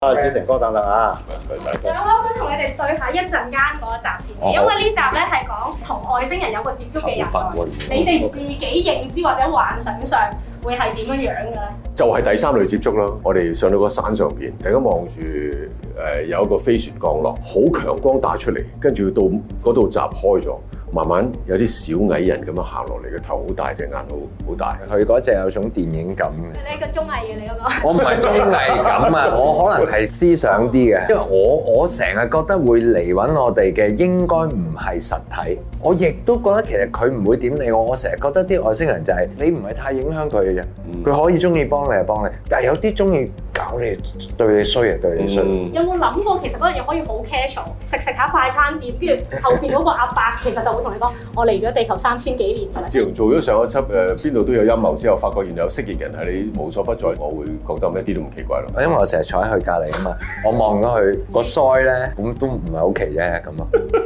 啊，子誠哥等啦啊！我想同你哋對下一陣間嗰集先，好好，因為呢集咧係講同外星人有個接觸嘅人，你哋自己認知或者幻想上會係點樣嘅咧？好好就係第三類接觸啦。我哋上到個山上邊，大家望住誒有一個飛船降落，好強光打出嚟，跟住到嗰度閘開咗。慢慢有啲小矮人咁樣行落嚟，個頭好大，隻眼好好大。佢嗰隻有種電影感。你個綜藝嘅你嗰、嗰個，我唔係綜藝感啊， 我可能係思想啲嘅。因為我我成日覺得會嚟揾我哋嘅應該唔係實體。我亦都覺得其實佢唔會點理我。我成日覺得啲外星人就係你唔係太影響佢嘅啫。佢、嗯、可以中意幫你就幫你，但係有啲中意。我哋對你衰啊，對你衰。嗯、有冇諗過其實嗰樣嘢可以好 casual，食食下快餐店，跟住後邊嗰個阿伯其實就會同你講：我嚟咗地球三千幾年啦。自從做咗上一輯誒，邊、呃、度都有陰謀之後，發覺原來有蜥蜴人喺你無所不在，我會覺得唔一啲都唔奇怪咯。因為我成日坐喺佢隔離啊嘛，我望咗佢個腮咧，咁都唔係好奇啫咁啊。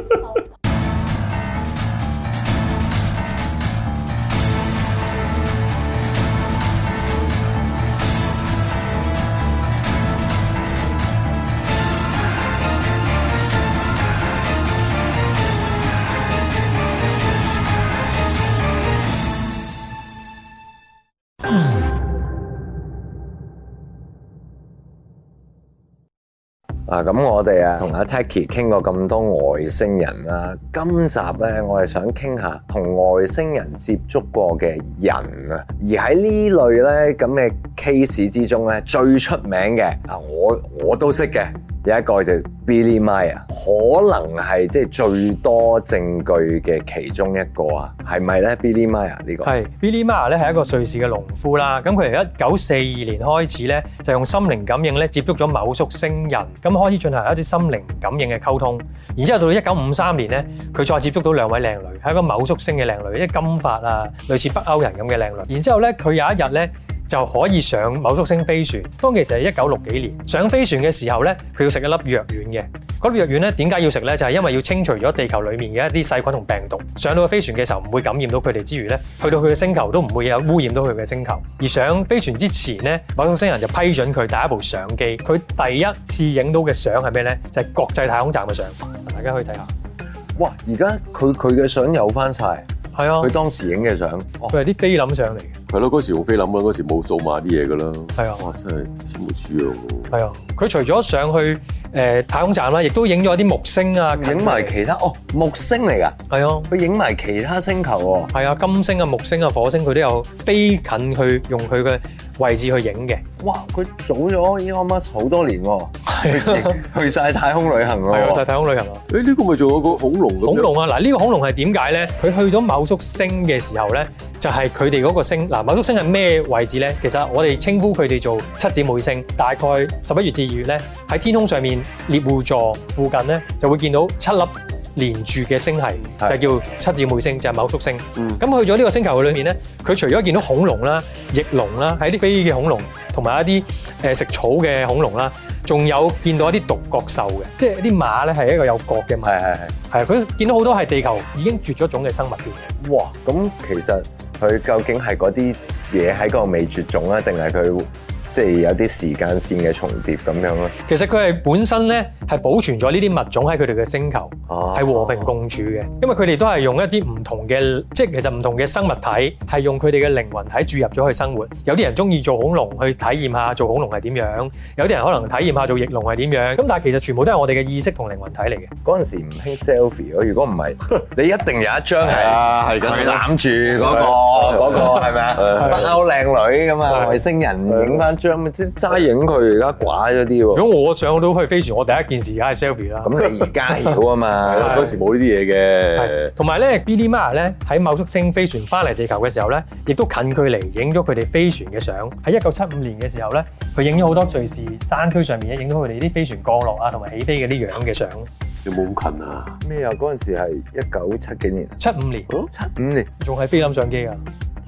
啊咁我哋啊同阿 Tecki 傾過咁多外星人啦，啊，今集呢，我係想傾下同外星人接觸過嘅人啊，而喺呢類呢咁嘅 case 之中呢，最出名嘅啊我我都識嘅。有一個就 Billy Meier，可能係即係最多證據嘅其中一個啊，係咪咧 Billy Meier 呢個？係 Billy Meier 咧係一個瑞士嘅農夫啦，咁佢由一九四二年開始咧就用心靈感應咧接觸咗某宿星人，咁開始進行一啲心靈感應嘅溝通，然之後到一九五三年咧佢再接觸到兩位靚女，係一個某宿星嘅靚女，即金髮啊，類似北歐人咁嘅靚女，然之後咧佢有一日咧。就可以上某宿星飛船。當其時係一九六幾年上飛船嘅時候咧，佢要食一粒藥丸嘅。嗰粒藥丸咧點解要食咧？就係、是、因為要清除咗地球裡面嘅一啲細菌同病毒。上到個飛船嘅時候唔會感染到佢哋之餘咧，去到佢嘅星球都唔會有污染到佢嘅星球。而上飛船之前咧，某宿星人就批准佢帶一部相機。佢第一次影到嘅相係咩咧？就係、是、國際太空站嘅相。大家可以睇下。哇！而家佢佢嘅相有翻晒，係啊，佢當時影嘅、哦、相。佢係啲菲林相嚟嘅。係咯，嗰時用菲林啊！嗰時冇數碼啲嘢噶啦。係啊！哇，真係天無絕人喎。係啊，佢除咗上去誒太空站啦，亦都影咗啲木星啊，影埋其他哦木星嚟㗎。係啊，佢影埋其他星球喎。係啊，金星啊、木星啊、火星佢都有飛近去用佢嘅位置去影嘅。哇！佢早咗伊隆馬斯克好多年喎。係啊，去晒太空旅行咯。係啊，去晒太空旅行啊。誒呢個咪做咗個恐龍咁恐龍啊！嗱，呢個恐龍係點解咧？佢去咗昴宿星嘅時候咧，就係佢哋嗰個星昴宿星係咩位置咧？其實我哋稱呼佢哋做七姊妹星。大概十一月至二月咧，喺天空上面獵戶座附近咧，就會見到七粒連住嘅星系，是就叫七姊妹星，就係、是、昴宿星。咁、嗯、去咗呢個星球裏面咧，佢除咗見到恐龍啦、翼龍啦，係啲飛嘅恐龍，同埋一啲誒食草嘅恐龍啦，仲有見到一啲獨角獸嘅，即係啲馬咧，係一個有角嘅馬。係係係。佢見到好多係地球已經絕咗種嘅生物嘅。哇！咁其實～佢究竟係嗰啲嘢喺嗰度未絕種呀？定係佢？即係有啲時間線嘅重疊咁樣咯。其實佢係本身咧係保存咗呢啲物種喺佢哋嘅星球，係、啊、和平共處嘅。因為佢哋都係用一啲唔同嘅，即係其實唔同嘅生物體係用佢哋嘅靈魂體注入咗去生活。有啲人中意做恐龍去體驗下做恐龍係點樣，有啲人可能體驗下做翼龍係點樣。咁但係其實全部都係我哋嘅意識同靈魂體嚟嘅。嗰陣時唔興 selfie 啊！如果唔係， 你一定有一張係佢攬住嗰個嗰、 嗰個係咪啊？北歐靚女咁啊，外 星人影翻。張咪即齋影佢而家寡咗啲喎。如果我上到去飛船，我第一件事梗係 selfie 啦。咁你而家要啊嘛？嗰時冇呢啲嘢嘅。同埋咧 Billy Meier 咧喺昴宿星飛船翻嚟地球嘅時候咧，亦都近距離影咗佢哋飛船嘅相。喺一九七五年嘅時候咧，佢影咗好多瑞士山區上面咧影咗佢哋啲飛船降落啊同埋起飛嘅啲樣嘅相。有冇咁近啊？咩啊？嗰陣時係一九七幾年？七五年，哦？七五年。七五年。仲係菲林相機啊？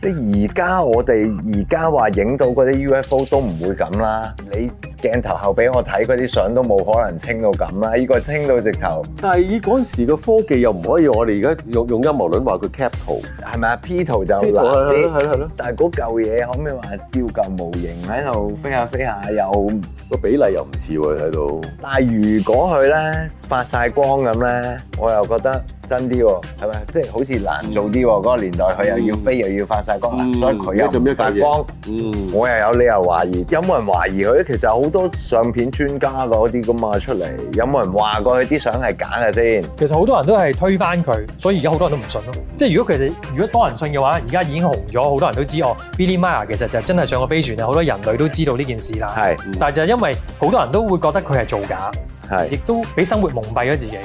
即係而家我哋而家話影到嗰啲 UFO 都唔會咁啦，你鏡頭後俾我睇嗰啲相都冇可能清到咁啦，呢個清到直頭。但係以嗰陣時嘅科技又唔可以我用，我哋而家用用陰謀論話佢 cap 圖係咪啊？P 圖就難啲，係咯，係咯。但係嗰舊嘢可唔可以話雕舊模型喺度飛下飛下又個比例又唔似喎？睇到。但係如果佢咧發晒光咁咧，我又覺得。真啲喎，係咪？即係好似難做啲喎。嗰、嗯、個年代佢又要飛又要發晒光、嗯、光，所以佢又做咩發光。嗯，我又有理由懷疑。有冇人懷疑佢？其實好多相片專家嗰啲咁啊出嚟，有冇人話過佢啲相係假嘅先？其實好多人都係推翻佢，所以而家好多人都唔信咯。即係如果佢哋如果多人信嘅話，而家已經紅咗，好多人都知哦。Billy Meier 其實就真係上過飛船好多人類都知道呢件事啦。係是，但係就因為好多人都會覺得佢係造假，係是，亦都俾生活蒙蔽咗自己。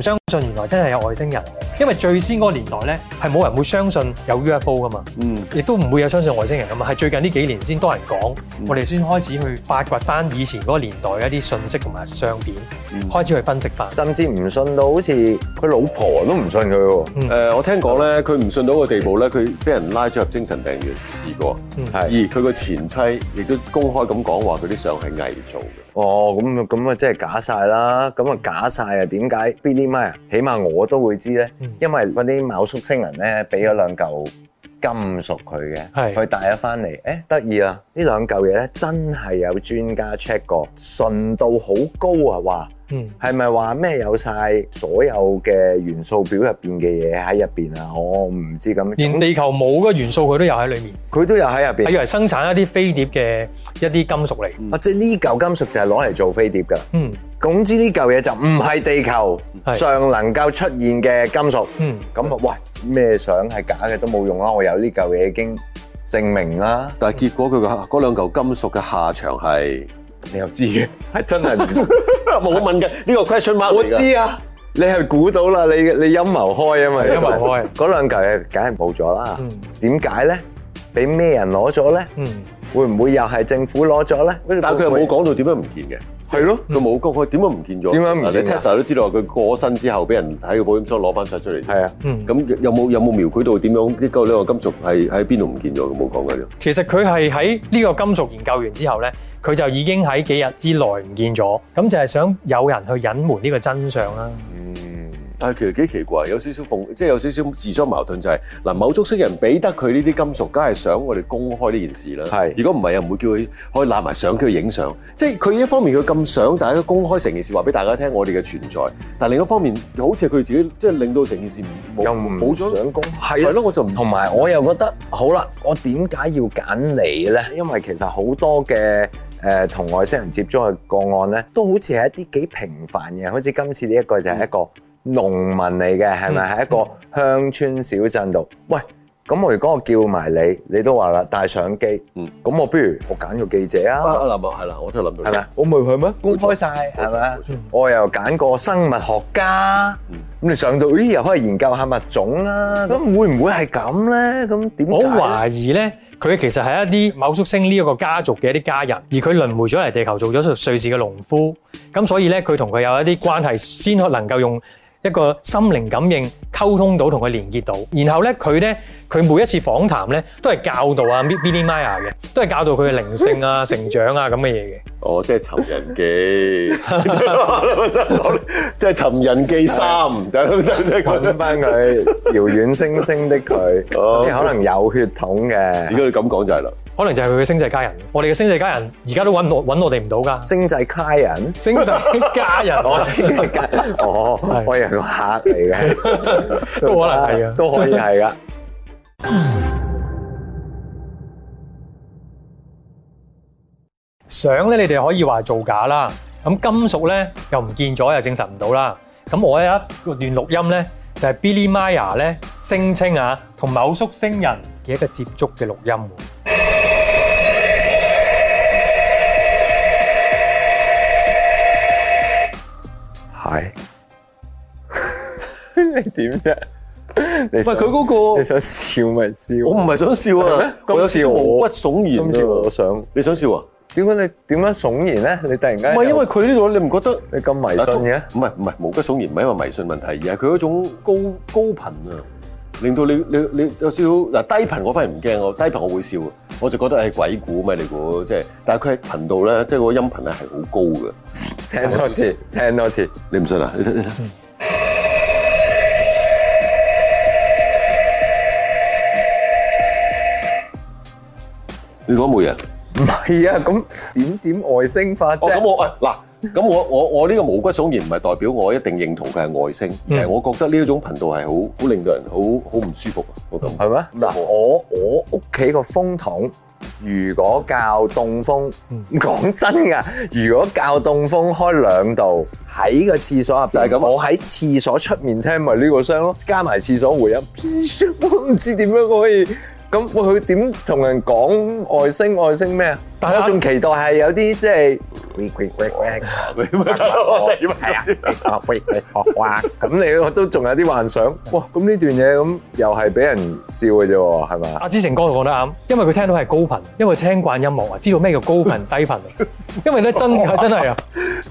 唔相信原來真係有外星人，因為最先嗰個年代咧係冇人會相信有 UFO 噶嘛，嗯，亦都唔會有相信外星人噶嘛，係最近呢幾年先多人講，嗯、我哋先開始去發掘翻以前嗰個年代嘅一啲信息同埋相片，嗯、開始去分析翻，甚至唔信到好似佢老婆都唔信佢，誒、嗯呃，我聽講咧佢唔信到個地步咧，佢俾人拉咗入精神病院試過，係、嗯、而佢個前妻亦都公開咁講話佢啲相係偽造。哦，咁啊，咁啊，真係假晒啦！咁啊，假晒啊！點解？Billy Meier 啊？起碼我都會知咧，因為嗰啲昴宿星人咧俾咗兩嚿金屬佢嘅，佢是帶咗翻嚟，誒得意啦！呢兩嚿嘢咧真係有專家 check 過，純度好高啊，話。嗯，係咪話咩有晒所有嘅元素表入邊嘅嘢喺入邊啊？我唔知咁，連地球冇嘅元素佢都有喺裏面，佢都有喺入邊。係用嚟生產一啲飛碟嘅一啲金屬嚟。啊，即係呢嚿金屬就係攞嚟做飛碟噶。嗯，總之呢嚿嘢就唔係地球上能夠出現嘅金屬。嗯，咁啊喂，咩相係假嘅都冇用啦，我有呢嚿嘢已經證明啦。但係結果佢個嗰兩嚿金屬嘅下場係。你又知嘅，係真係唔知，冇問嘅。呢個 question mark，我知啊，你係估到啦。你你陰謀開啊嘛，陰謀開嗰兩嚿嘢梗係冇咗啦。點解咧？俾咩人攞咗咧？會唔會又係政府攞咗咧？但係佢又冇講到點樣唔見嘅。係咯，佢冇講佢點解唔見咗？點解唔見？Tesla 都知道佢過咗身之後，俾人喺個保險箱攞翻晒出嚟。係、嗯、啊，咁有冇有冇描繪到點樣呢個呢個金屬係喺邊度唔見咗？冇講㗎。其實佢係喺呢個金屬研究完之後咧，佢就已經喺幾日之內唔見咗。咁就係想有人去隱瞞呢個真相啦。但係、哎、其實幾奇怪，有少少奉，即係有少少自相矛盾就係、是、嗱、啊，某種色人俾得佢呢啲金屬，梗係想我哋公開呢件事啦。係是，如果唔係又唔會叫佢可以攬埋相機，的叫去影相。即係佢一方面佢咁想大家公開成件事，話俾大家聽我哋嘅存在。但係另一方面又好似佢自己，即係令到成件事冇冇想公開，係咯、啊。我就唔同埋我又覺得好啦，我點解要揀你咧？因為其實好多嘅誒、呃、同外星人接觸嘅個案咧，都好似係一啲幾平凡嘅，好似今次呢一個就係一個。農民嚟嘅係咪喺一個鄉村小鎮度？喂，咁我如果我叫埋你，你都話啦，帶相機。咁我不如我揀個記者啊？阿林啊，係啦，我都諗到。係咪？我咪係咩？公開曬係咪？我又揀個生物學家。咁你上到咦，又可以研究下物種啦。咁會唔會係咁咧？咁點？我懷疑咧，佢其實係一啲某宿星呢一個家族嘅一啲家人，而佢輪迴咗嚟地球做咗瑞士嘅農夫。咁所以咧，佢同佢有一啲關係，先可能夠用。一個心靈感應溝通到同佢連結到，然後咧佢咧佢每一次訪談咧都係教導啊 Billy Meier 嘅，都係教導佢嘅靈性啊 成長啊咁嘅嘢嘅。哦，即係尋人記， 即係尋人記三，就就就揾翻佢遙遠星星的佢，即係 可能有血統嘅。Okay. 如果你咁講就係啦。可能就係佢嘅星際家人。我哋嘅星際家人而家都揾我揾我哋唔到㗎。星際家人，星際家人，我星際家人。哦，可以啊，個客嚟嘅，都可能係啊，都可以係噶。相咧，你哋可以話造假啦。咁金屬咧又唔見咗，又證實唔到啦。咁我有一段錄音咧，就係 Billy Meier 咧聲稱啊，同某宿星人嘅一個接觸嘅錄音。係，你點啫？唔係佢嗰個，你想笑咪笑。我唔係想笑啊，我有次毛骨悚然。我想，你想笑啊？點解你點樣悚然咧？你突然間唔係因為佢呢度，你唔覺得你咁迷信嘅？唔係唔係毛骨悚然，唔係因為迷信問題，而係佢嗰種高高頻啊。令到你你你有少少嗱，低頻我，我反而唔驚我低頻，我會笑，我就覺得係鬼故咩你估？即係，但係佢喺頻道咧，即係個音頻咧係好高嘅，聽多次，聽多次，你唔信 你啊？你講冇人唔係啊？咁點點外星發啫？ 哦咁我喂嗱。 啊咁我我我呢個毛骨悚然唔係代表我一定認同佢係外星，誒、嗯，我覺得呢一種頻道係好好令到人好好唔舒服啊嗎，我覺得係咩？嗱，我我屋企個風筒如果較凍風，講真噶，如果較凍風開兩度，喺個廁所入就邊，我喺廁所出面聽咪呢個聲咯，加埋廁所回音， 我唔知點樣可以。咁佢點同人講外星外星咩啊？但我仲期待係有啲即係。明白我哋啊，阿輝，學哇！咁你我都仲有啲幻想。哇！咁呢段嘢咁又係俾人笑嘅啫喎，係咪啊？阿子誠哥就講得啱，因為佢聽到係高頻，因為聽慣音樂啊，知道咩叫高頻低頻。因為咧真係真係啊，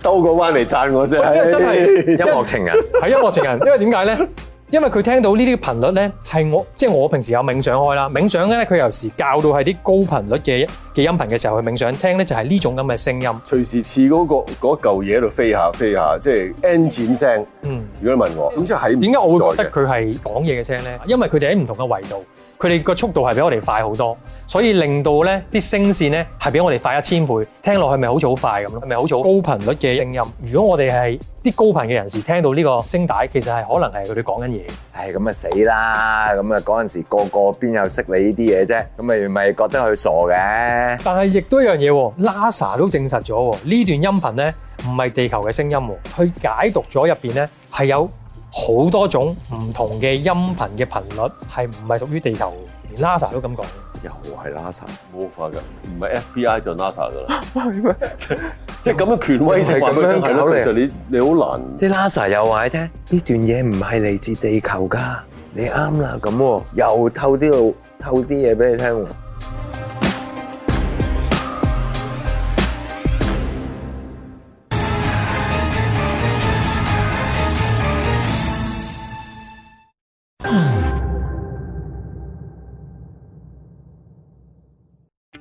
兜個彎嚟讚我啫真係。因為真係音樂情人，係音樂情人。因為點解咧？因為佢聽到頻呢啲頻率咧，係我即係我平時有冥想開啦，冥想咧佢有時教到係啲高頻率嘅嘅音頻嘅時候去冥想聽咧，就係呢種咁嘅聲音，隨時似嗰個嗰嚿嘢喺度飛下飛下，即係 engine 聲。嗯，如果你問我，咁即係點解我會覺得佢係講嘢嘅聲咧？因為佢哋喺唔同嘅維度。佢哋個速度係比我哋快好多，所以令到咧啲聲線咧係比我哋快一千倍，聽落去咪好似好快咁咯，咪好似好高頻率嘅聲音。如果我哋係啲高頻嘅人士聽到呢個聲帶，其實係可能係佢哋講緊嘢。唉，咁啊死啦！咁啊嗰陣時個個邊有識你呢啲嘢啫？咁咪咪覺得佢傻嘅。但係亦都一樣嘢，NASA 都證實咗呢段音頻咧唔係地球嘅聲音。佢解讀咗入邊咧係有，好多種唔同嘅音頻嘅頻率係唔係屬於地球？連 NASA 都咁講，又係 NASA 冇法噶，唔係 FBI 就 NASA 噶啦。係咪 嗎？ 即係咁嘅權威性咁樣搞你。其實你你好難。即係 NASA 又話你聽呢段嘢唔係嚟自地球噶，你啱啦咁喎，又透啲路透啲嘢俾你聽。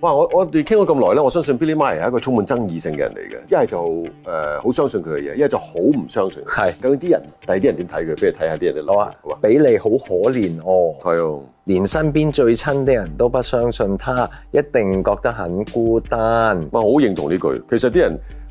哇！我我哋傾咗咁耐咧，我相信 Billy 媽係一個充滿爭議性嘅人嚟嘅。一係就誒好、呃、相信佢嘅嘢，一係就好唔相信。係是。究竟啲人，第二啲人點睇佢？不如睇下啲人哋。我話、啊、吧比你好可憐哦。係啊，連身邊最親的人都不相信他，一定覺得很孤單。我好認同呢句。其實啲人。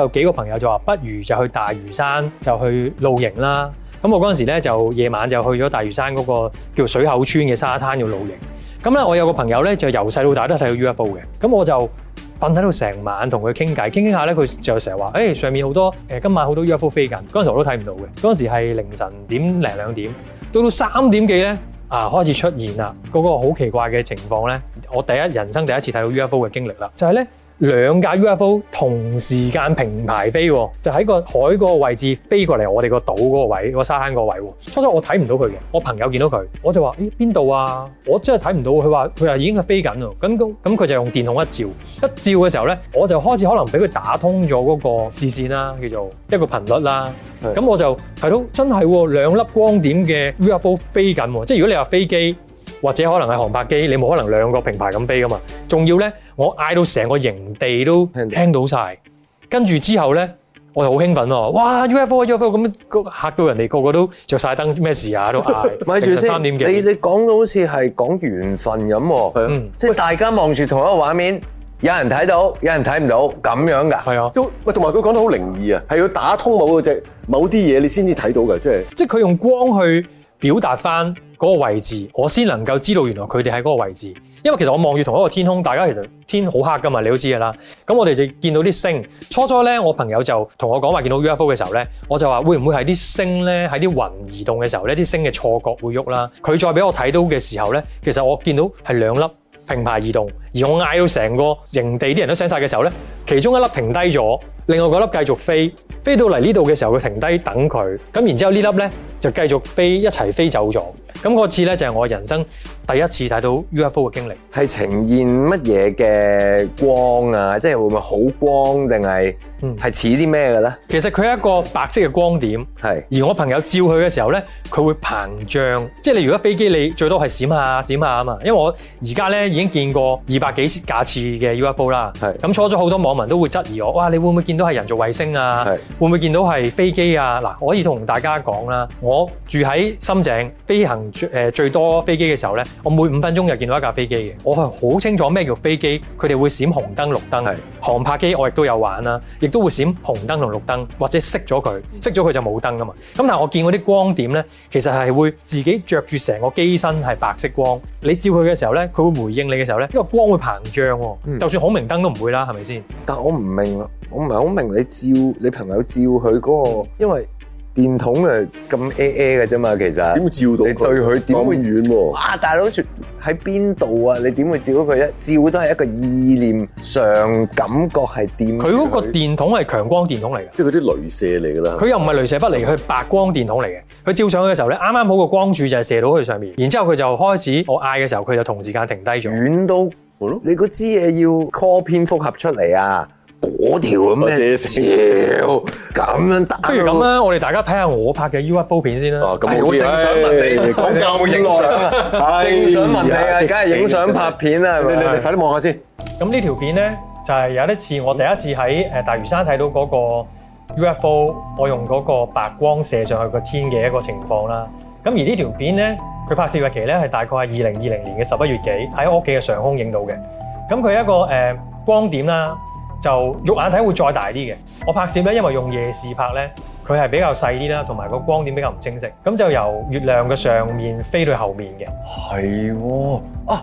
有幾個朋友就話，不如就去大嶼山就去露營啦。咁我嗰陣時咧就夜晚就去咗大嶼山嗰個叫水口村嘅沙灘要露營。咁咧我有個朋友咧就由細到大都睇到 UFO 嘅。咁我就瞓喺度成晚同佢傾偈，傾傾下咧佢就成日話，誒上面好多誒今晚好多 UFO 飛緊。嗰陣時我都睇唔到嘅，嗰陣時係凌晨點零兩點，到到三點幾咧啊開始出現啦，嗰個好奇怪嘅情況咧，我第一人生第一次睇到 UFO 嘅經歷啦，就係咧。兩架 UFO 同時間平排飛，就喺個海嗰個位置飛過嚟我哋個島嗰個位，個沙灘嗰個位。初初我睇唔到佢嘅，我朋友見到佢，我就話，咦，邊度啊？我真係睇唔到。佢話：佢話已經飛緊喎。咁咁佢就用電筒一照，一照嘅時候咧，我就開始可能俾佢打通咗嗰個視線啦，叫做一個頻率啦。咁是我就睇到真係喎，兩粒光點嘅 UFO 飛緊。即係如果你話飛機或者可能係航拍機，你冇可能兩個平排咁飛噶嘛？仲要咧。我嗌到成個營地都聽到晒。跟住之後咧，我就好興奮喎！哇，UFO、UFO 咁樣，嚇到人哋個個都着晒燈，咩事啊都嗌。咪住先，你你講到好似係講緣分咁，嗯、即係大家望住同一個畫面，有人睇到，有人睇唔到，咁樣噶？係啊，喂，同埋佢講得好靈異啊，係要打通某嗰隻某啲嘢，你先至睇到噶，即係即係佢用光去表達返。嗰個位置，我先能夠知道原來佢哋喺嗰個位置，因為其實我望住同一個天空，大家其實天好黑㗎嘛，你都知㗎喇。咁我哋就見到啲星，初初呢，我朋友就同我講話，見到 UFO 嘅時候呢，我就話會唔會係啲星呢？喺啲雲移動嘅時候呢，啲星嘅錯覺會喐啦。佢再俾我睇到嘅時候呢，其實我見到係兩粒。平排移動，而我嗌到成個營地啲人都醒晒嘅時候咧，其中一粒停低咗，另外嗰粒繼續飛，飛到嚟呢度嘅時候，佢停低等佢，咁然之後呢粒咧就繼續飛，一齊飛走咗。咁嗰次咧就係我人生第一次睇到 UFO 嘅經歷。係呈現乜嘢嘅光啊？即係會唔會好光定係？嗯，係似啲咩嘅咧？其實佢係一個白色嘅光點，係是。而我朋友照佢嘅時候咧，佢會膨脹，即係你如果飛機你最多係閃下閃下啊嘛。因為我而家咧已經見過二百幾架次嘅 UFO 啦，係是。咁錯咗好多網民都會質疑我，哇！你會唔會見到係人造衛星啊？係是。會唔會見到係飛機啊？嗱，我可以同大家講啦，我住喺深井，飛行誒最多飛機嘅時候咧，我每五分鐘就見到一架飛機嘅，我係好清楚咩叫飛機，佢哋會閃紅燈、綠燈，是航拍機我亦都有玩啦，都會閃紅燈同綠燈，或者熄咗佢，熄咗佢就冇燈噶嘛。咁但係我見嗰啲光點咧，其實係會自己着住成個機身係白色光。你照佢嘅時候咧，佢會回應你嘅時候咧，因為光會膨脹，嗯、就算孔明燈都唔會啦，係咪先？但係我唔明啊，我唔係好明你照你朋友照佢嗰、嗰個，嗯、因為。電筒誒咁 A A 嘅啫嘛，其實點照到佢？佢咁遠喎！哇，大佬住喺邊度啊？你點會照到佢咧？照都係一個意念上感覺係點？佢嗰個電筒係強光電筒嚟嘅，即係嗰啲鐳射嚟㗎啦。佢又唔係鐳射不嚟，佢係白光電筒嚟嘅。佢照上去嘅時候咧，啱啱好個光柱就係射到佢上面，然之後佢就開始我嗌嘅時候，佢就同時間停低咗。遠到你嗰支嘢要擴篇複合出嚟啊！嗰條咁嘅嘢，妖咁樣，不如咁啦， 樣我哋大家睇下我拍嘅 UFO 片先啦。啊，咁好你講舊影相啊，哎哎、正想問你啊，而家係影相拍片啦，係咪？你你快啲望下先。咁呢條片咧，就係、是、有一次我第一次喺誒大嶼山睇到嗰個 UFO，我用嗰個白光射上去個天嘅一個情況啦。咁而呢條片咧，佢拍攝日期咧係大概係二零二零年嘅十一月幾，喺我屋企嘅上空影到嘅。咁佢一個誒、嗯呃呃、光點啦。嗯就肉眼睇會再大啲嘅，我拍攝咧，因為用夜視拍咧，佢係比較細啲啦，同埋個光點比較唔清晰，咁就由月亮嘅上面飛去後面嘅。係喎、哦，啊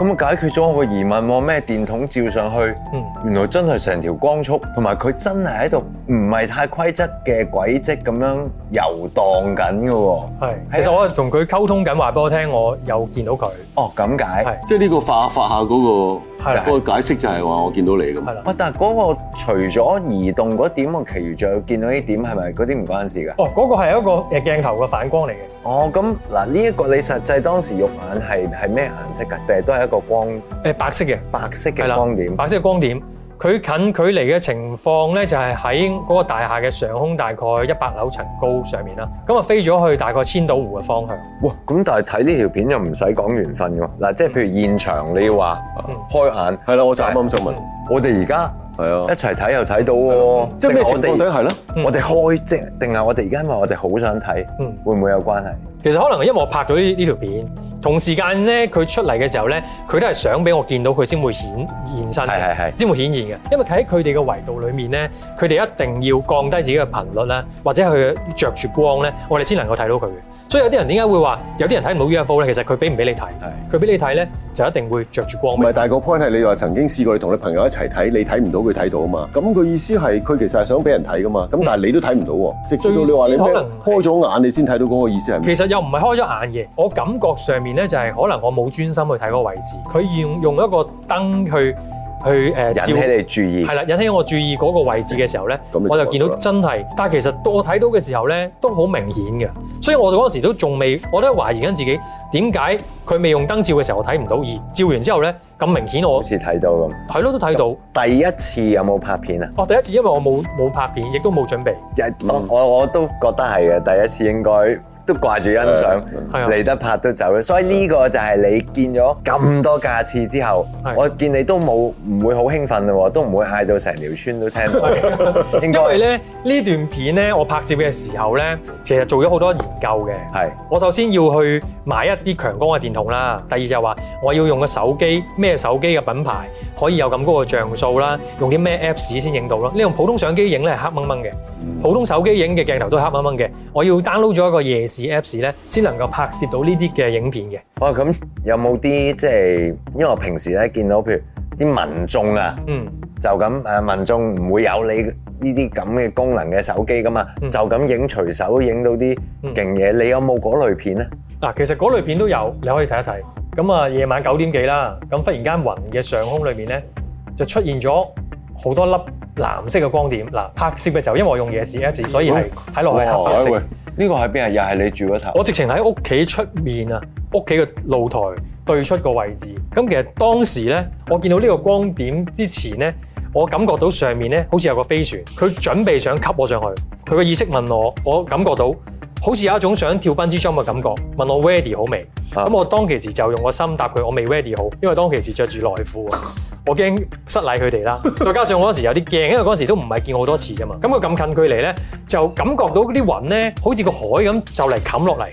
咁啊解決咗我個疑問喎，咩電筒照上去，原來真係成條光束，同埋佢真係喺度唔係太規則嘅軌跡咁樣遊蕩緊嘅喎。是的其實我係同佢溝通緊，話俾我聽，我又見到佢。哦，咁解，即係呢個發發下嗰個嗰個解釋就係話我見到你咁的啊。係啦。唔但係嗰個，除咗移動嗰點，我其餘仲有見到呢點係咪嗰啲唔關事㗎？哦，嗰、那個係一個誒鏡頭嘅反光嚟嘅。哦，咁嗱，呢、這、一個你實際當時肉眼係係咩顏色㗎？定係都係？個光誒，白色嘅白色嘅光點，白色嘅光點，佢近距離嘅情況咧，就係喺嗰個大廈嘅上空，大概一百樓層高上面啦。咁啊，飛咗去大概千島湖嘅方向。哇！咁但係睇呢條片又唔使講緣分嘅喎。嗱、啊，即係譬如現場你要，你話、嗯嗯、開眼係啦，嗯、但我就啱啱想問，嗯、我哋而家係啊，一齊睇又睇到，即係咩情況？對，係咯，我哋開隻，定係我哋而家，因為我哋好想睇，嗯，會唔會有關係、嗯？其實可能因為我拍咗呢呢條片。同時間咧，佢出嚟嘅時候咧，佢都係想俾我見到佢先會顯現身，係係係，先會顯現嘅。因為喺佢哋嘅維度裏面咧，佢哋一定要降低自己嘅頻率啦，或者佢着住光咧，我哋先能夠睇到佢。所以有啲人點解會話有啲人睇唔到 UFO 咧？其實佢俾唔俾你睇？佢俾是你睇咧，就一定會着住光。唔係，但係個 point 係你話曾經試過你同你朋友一齊睇，你睇唔到，佢睇到啊嘛？咁佢意思係佢其實係想俾人睇噶嘛？咁但係你都睇唔到喎。即係直到你話你可能開咗眼你先睇到嗰個意思係？其實又唔係開咗眼嘅，我感覺上面咧就係、是、可能我冇專心去睇嗰個位置，佢要用，用一個燈去。去誒引起你注意，係啦，引起我注意嗰個位置嘅時候咧，嗯、咁我就見到真係。但係其實我睇到嘅時候咧，都好明顯嘅。所以我嗰時都仲未，我都懷疑緊自己點解佢未用燈照嘅時候我睇唔到，而照完之後咧咁明顯我好似睇到咁，係咯都睇到。第一次有冇拍片啊？我、啊、第一次，因為我冇冇拍片，亦都冇準備。嗯、我我都覺得係嘅，第一次應該。都掛住欣賞，嚟的得拍都走啦。的所以呢個就係你見咗咁多架次之後，的我見你都冇唔會好興奮咯，都唔會嗌到成條村都聽到。的該因為咧呢段片咧，我拍攝嘅時候咧，其實做咗好多研究嘅。係的，我首先要去買一啲強光嘅電筒啦。第二就係話，我要用個手機，咩手機嘅品牌可以有咁高嘅像素啦？用啲咩 apps 先影到咯？你用普通相機影咧係黑掹掹嘅，普通手機影嘅鏡頭都係黑掹掹嘅。我要 download 咗一個夜視。Apps 咧，先能夠拍攝到呢啲嘅影片嘅。哦，咁有冇啲即係，因為我平時咧見到，譬如啲民眾啊，嗯，就咁誒，民眾唔會有你呢啲咁嘅功能嘅手機噶嘛，嗯、就咁影隨手影到啲勁嘢。嗯、你有冇嗰類片咧？嗱，其實嗰類片都有，你可以睇一睇。咁啊，夜晚九點幾啦，咁忽然間雲嘅上空裏面咧，就出現咗好多粒藍色嘅光點。嗱，拍攝嘅時候，因為我用夜視 Apps，所以係睇落去黑白色。呢個喺邊啊？又係你住嗰頭。我直情喺屋企出面啊，屋企嘅露台對出個位置。咁其實當時咧，我見到呢個光點之前咧，我感覺到上面咧好似有個飛船，佢準備想吸我上去。佢嘅意識問我，我感覺到好似有一種想跳殼之裝嘅感覺。問我 ready 好未？咁我當其時就用個心答佢，我未 ready 好，因為當其時着住內褲啊。我驚失禮佢哋啦，再加上我嗰陣時有啲驚，因為嗰陣時都唔係見好多次啫嘛。咁佢咁近距離咧，就感覺到啲雲咧好似個海咁就嚟冚落嚟，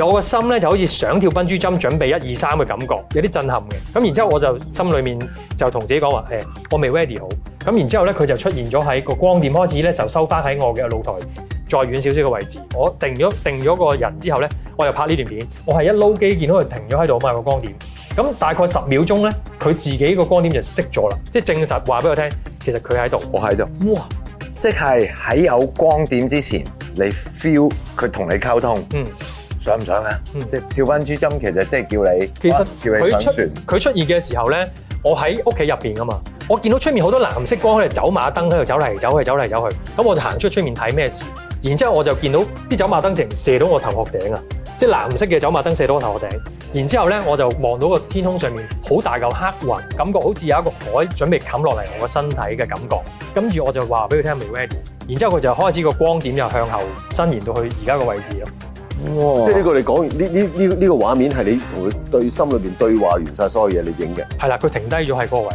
而我個心咧就好似想跳蹦珠針，準備一二三嘅感覺，有啲震撼嘅。咁然之後我就心裏面就同自己講話誒，我未 ready 好。咁然之後咧，佢就出現咗喺個光點開始咧，就收翻喺我嘅露台。再遠少少嘅位置，我定咗定咗個人之後咧，我又拍呢段片。我係一撈機，見到佢停咗喺度，冇、那、埋個光點。咁大概十秒鐘咧，佢自己個光點就熄咗啦，即係證實話俾我聽，其實佢喺度，我喺度。哇！即係喺有光點之前，你 feel 佢同你溝通，嗯，想唔想嘅？嗯，跳翻 G 針其實即係叫你，其實叫你上船。佢出，出現嘅時候咧，我喺屋企入邊啊嘛，我見到出面好多藍色光喺度走馬燈喺度走嚟走去走嚟走去，咁我就行出就出，外出外面睇咩事。然之後我就見到啲走馬燈停射到我頭殼頂啊！即係藍色嘅走馬燈射到我頭殼頂。然之後咧，我就望到個天空上面好大嚿黑雲，感覺好似有一個海準備冚落嚟我個身體嘅感覺。跟住我就話俾佢聽，未 ready。然之後佢就開始個光點又向後伸延到去而家個位置咯。哇！即係呢個你講完呢，呢呢呢個畫面係你同佢對心裏邊對話完晒所有嘢你影嘅。係啦，佢停低咗喺嗰個位。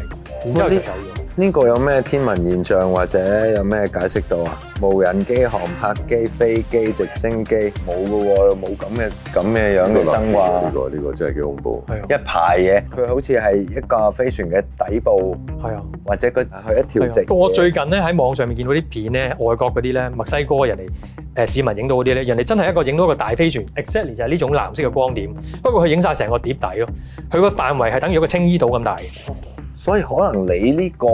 然之後就走。呢個有咩天文現象或者有咩解釋到啊？無人機、航拍機、飛機、直升機，冇噶喎，冇咁嘅咁咩樣嘅燈光。呢個呢、這個這個真係幾恐怖。係的一排嘢，佢好似係一架飛船嘅底部，係啊的，或者佢佢一條直。我最近咧喺網上面見到啲片咧，外國嗰啲咧，墨西哥人哋誒、呃、市民影到嗰啲咧，人哋真係一個影到一個大飛船 ，exactly 就係呢種藍色嘅光點。不過佢影晒成個碟底咯，佢個範圍係等於一個青衣島咁大嘅。 所以可能你呢個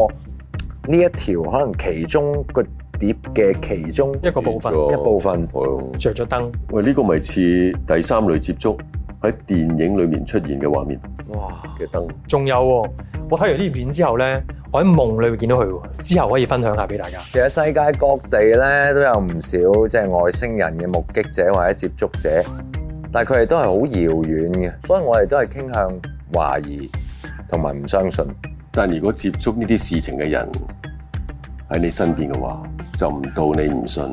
呢，一條可能其中個碟嘅其中一個部分，一部分著咗燈。喂，呢個咪似第三類接觸喺電影裏面出現嘅畫面？哇！嘅燈。仲有喎，我睇完呢片之後咧，我喺夢裏面見到佢喎。之後可以分享下俾大家。其實世界各地咧都有唔少即係外星人嘅目擊者或者接觸者，但係佢哋都係好遙遠嘅，所以我哋都係傾向懷疑。同埋唔相信，但如果接觸呢啲事情嘅人喺你身邊嘅話，就唔到你唔信，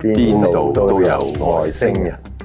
邊度都有外星人。